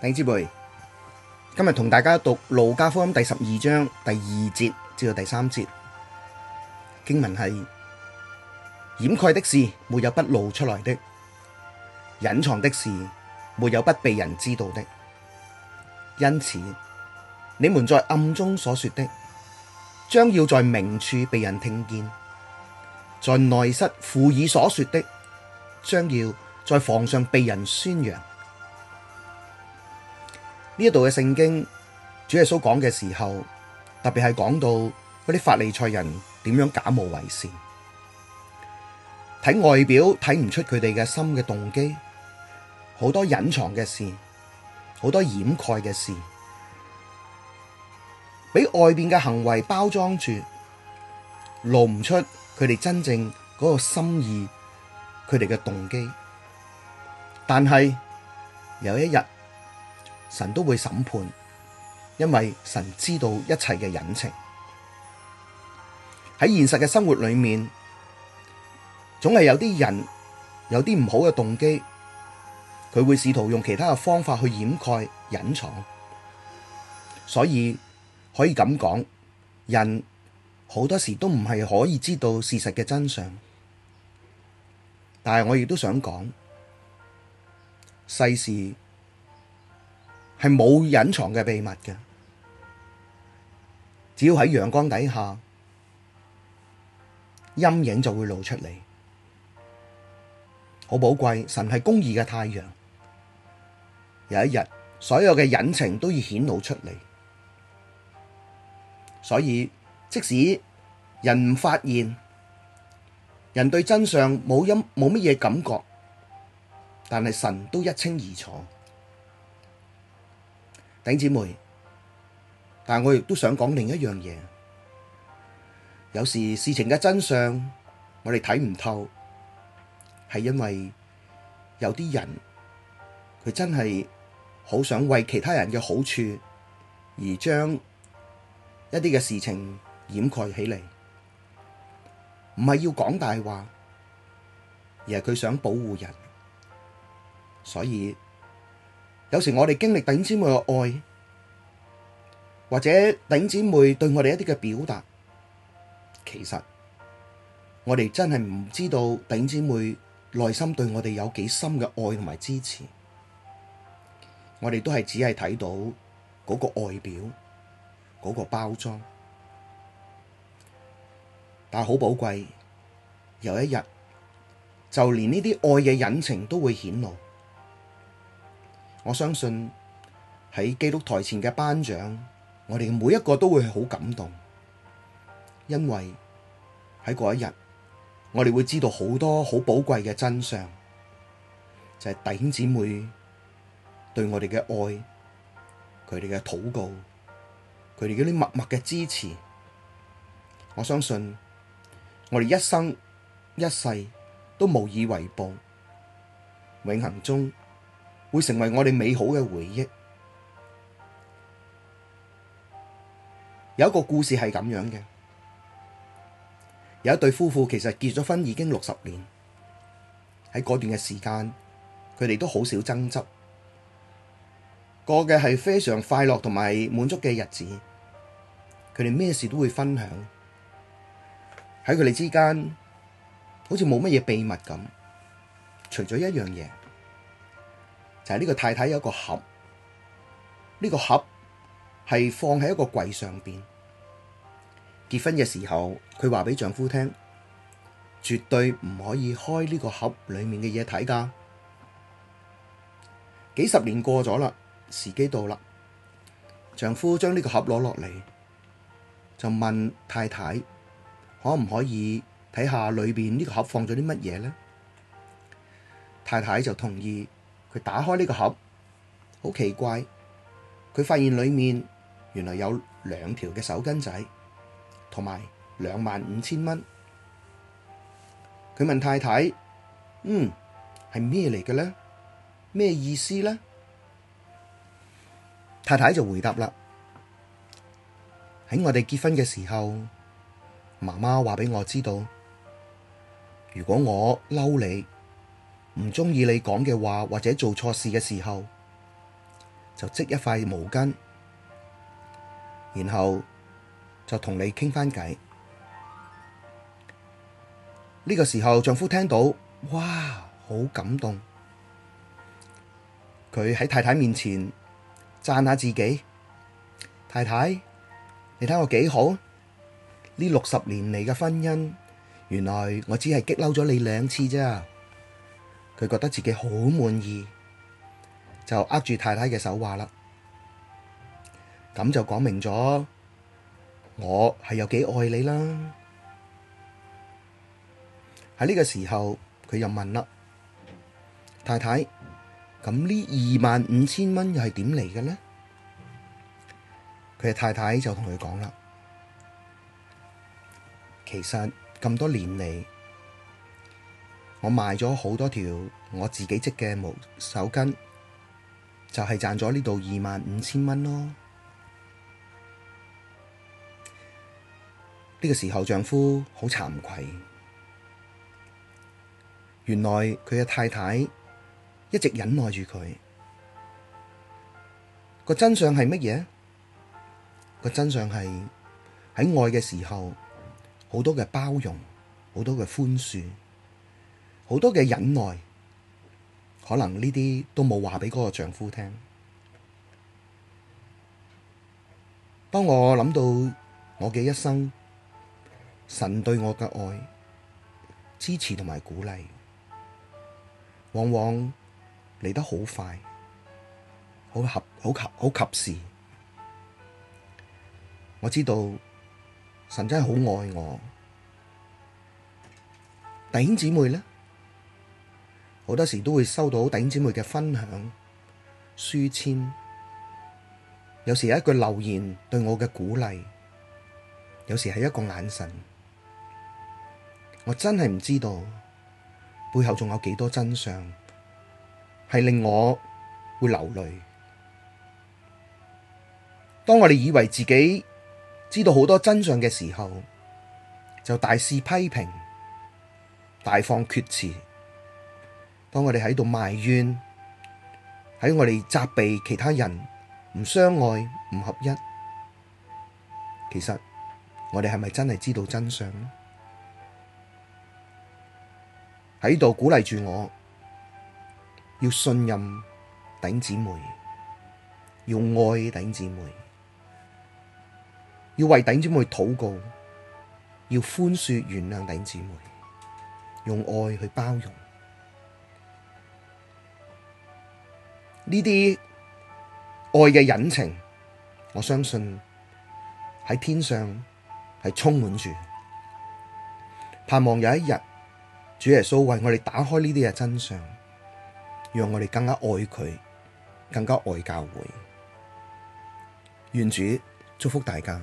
弟兄姊妹，今日同大家讀《路加福音》第十二章第二節至到第三節。經文係：掩蓋的事沒有不露出來的，隱藏的事沒有不被人知道的。因此，你們在暗中所說的，將要在明處被人聽見；在內室附耳所說的，將要在房上被人宣揚。呢度嘅聖經，主耶穌講嘅時候，特別係講到嗰啲法利賽人點樣假冒為善，睇外表睇唔出佢哋嘅心嘅動機，好多隱藏嘅事，好多掩蓋嘅事，俾外邊嘅行為包裝住，露唔出佢哋真正嗰個心意，佢哋嘅動機，但係有一日。神都會審判，因為神知道一切嘅隱情。喺現實嘅生活裏面，總係有啲人有啲唔好嘅動機，佢會試圖用其他嘅方法去掩蓋、隱藏。所以可以咁講，人好多時都唔係可以知道事實嘅真相。但係我亦都想講，世事。係冇隱藏嘅秘密嘅，只要喺陽光底下，陰影就會露出嚟。好寶貴，神係公義嘅太陽。有一日，所有嘅隱情都要顯露出嚟。所以，即使人唔發現，人對真相冇，冇乜嘢感覺，但係神都一清二楚。頂姐妹，但我亦都想講另一樣嘢。有時事情嘅真相，我哋睇唔透，係因為有啲人，佢真係好想為其他人嘅好處而將一啲嘅事情掩蓋起嚟，唔係要講大話，而係佢想保護人，所以。有時我哋經歷頂姊妹嘅愛，或者頂姊妹對我哋一啲嘅表達，其實我哋真係唔知道頂姊妹內心對我哋有幾深嘅愛同埋支持。我哋都係只係睇到嗰個外表，嗰個包裝，但好寶貴。有一日，就連呢啲愛嘅隱情都會顯露。我相信喺基督台前嘅頒獎，我哋每一個都會好感動，因為喺嗰一日，我哋會知道好多好寶貴嘅真相，就係、是、弟兄姊妹對我哋嘅愛，佢哋嘅禱告，佢哋嗰啲默默嘅支持，我相信我哋一生一世都無以為報，永恒中會成為我哋美好嘅回憶。有一個故事係咁樣嘅，有一對夫婦其實結咗婚已經六十年，喺嗰段嘅時間，佢哋都好少爭執，過嘅係非常快樂同埋滿足嘅日子。佢哋咩事都會分享，喺佢哋之間，好似冇乜嘢秘密咁，除咗一樣嘢。就係呢個太太有一個盒，呢個盒係放喺一個櫃上邊。結婚嘅時候，佢話俾丈夫聽，絕對唔可以開呢個盒裡面嘅嘢睇㗎。幾十年過咗啦，時機到啦，丈夫將呢個盒攞落嚟，就問太太可唔可以睇下裏邊呢個盒放咗啲乜嘢呢？太太就同意。佢打開呢個盒，好奇怪！佢發現裏面原來有兩條嘅手巾仔，同埋兩萬五千蚊。佢問太太：「嗯，係咩嚟嘅呢？咩意思呢？」太太就回答啦：「喺我哋結婚嘅時候，媽媽話畀我知道，如果我嬲你。唔中意你講嘅話或者做錯事嘅時候，就織一塊毛巾，然後就同你傾翻偈。呢個時候，丈夫聽到，哇，好感動。佢喺太太面前讚下自己：太太，你睇我幾好？呢六十年嚟嘅婚姻，原來我只係激嬲咗你兩次啫。佢覺得自己好滿意，就握住太太嘅手話啦。咁就講明咗，我係有幾愛你啦。喺呢個時候，佢又問啦：太太，咁呢二萬五千蚊又係點嚟嘅咧？佢嘅太太就同佢講啦，其實咁多年嚟。我賣咗好多條我自己織嘅毛手巾，就係賺咗呢度二萬五千蚊咯。呢個時候，丈夫好慚愧，原來佢嘅太太一直忍耐住佢。個真相係乜嘢？個真相係喺愛嘅時候，好多嘅包容，好多嘅寬恕。好多嘅忍耐，可能呢啲都冇話畀嗰個丈夫聽。當我諗到我嘅一生，神對我嘅愛、支持同埋鼓勵，往往嚟得好快，好合、好及、好及時。我知道神真係好愛我。弟兄姊妹呢。好多時都會收到弟兄姐妹嘅分享、書籤，有時係一句留言對我嘅鼓勵，有時係一個眼神，我真係唔知道背後仲有幾多真相係令我會流淚。當我哋以為自己知道好多真相嘅時候，就大肆批評、大放厥詞。當我哋喺度埋怨，喺我哋責備其他人唔相愛唔合一，其實我哋係咪真係知道真相咧？喺度鼓勵住我，要信任弟姊妹，要愛弟姊妹，要為弟姊妹禱告，要寬恕原諒弟姊妹，用愛去包容。呢啲愛嘅隱情，我相信喺天上係充滿住，盼望有一日，主耶穌為我哋打開呢啲嘅真相，讓我哋更加愛佢，更加愛教會。願主祝福大家。